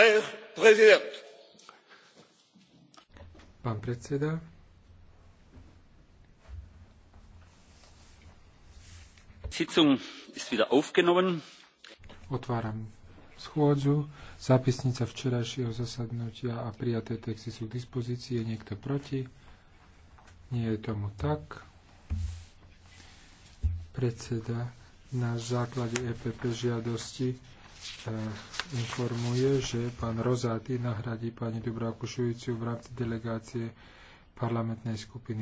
Der Präsident. Pán predseda. Sitzung ist wieder aufgenommen. Otváram schôdzu. Zápisnica včerajšieho zasadnutia a prijaté texty sú k dispozícii. Je niekto proti? Nie je tomu tak. Predseda na základe EPP žiadosti E, informuje, že pán Rozáty nahradí pani Dubravku Šujúciu v rámci delegácie parlamentnej skupiny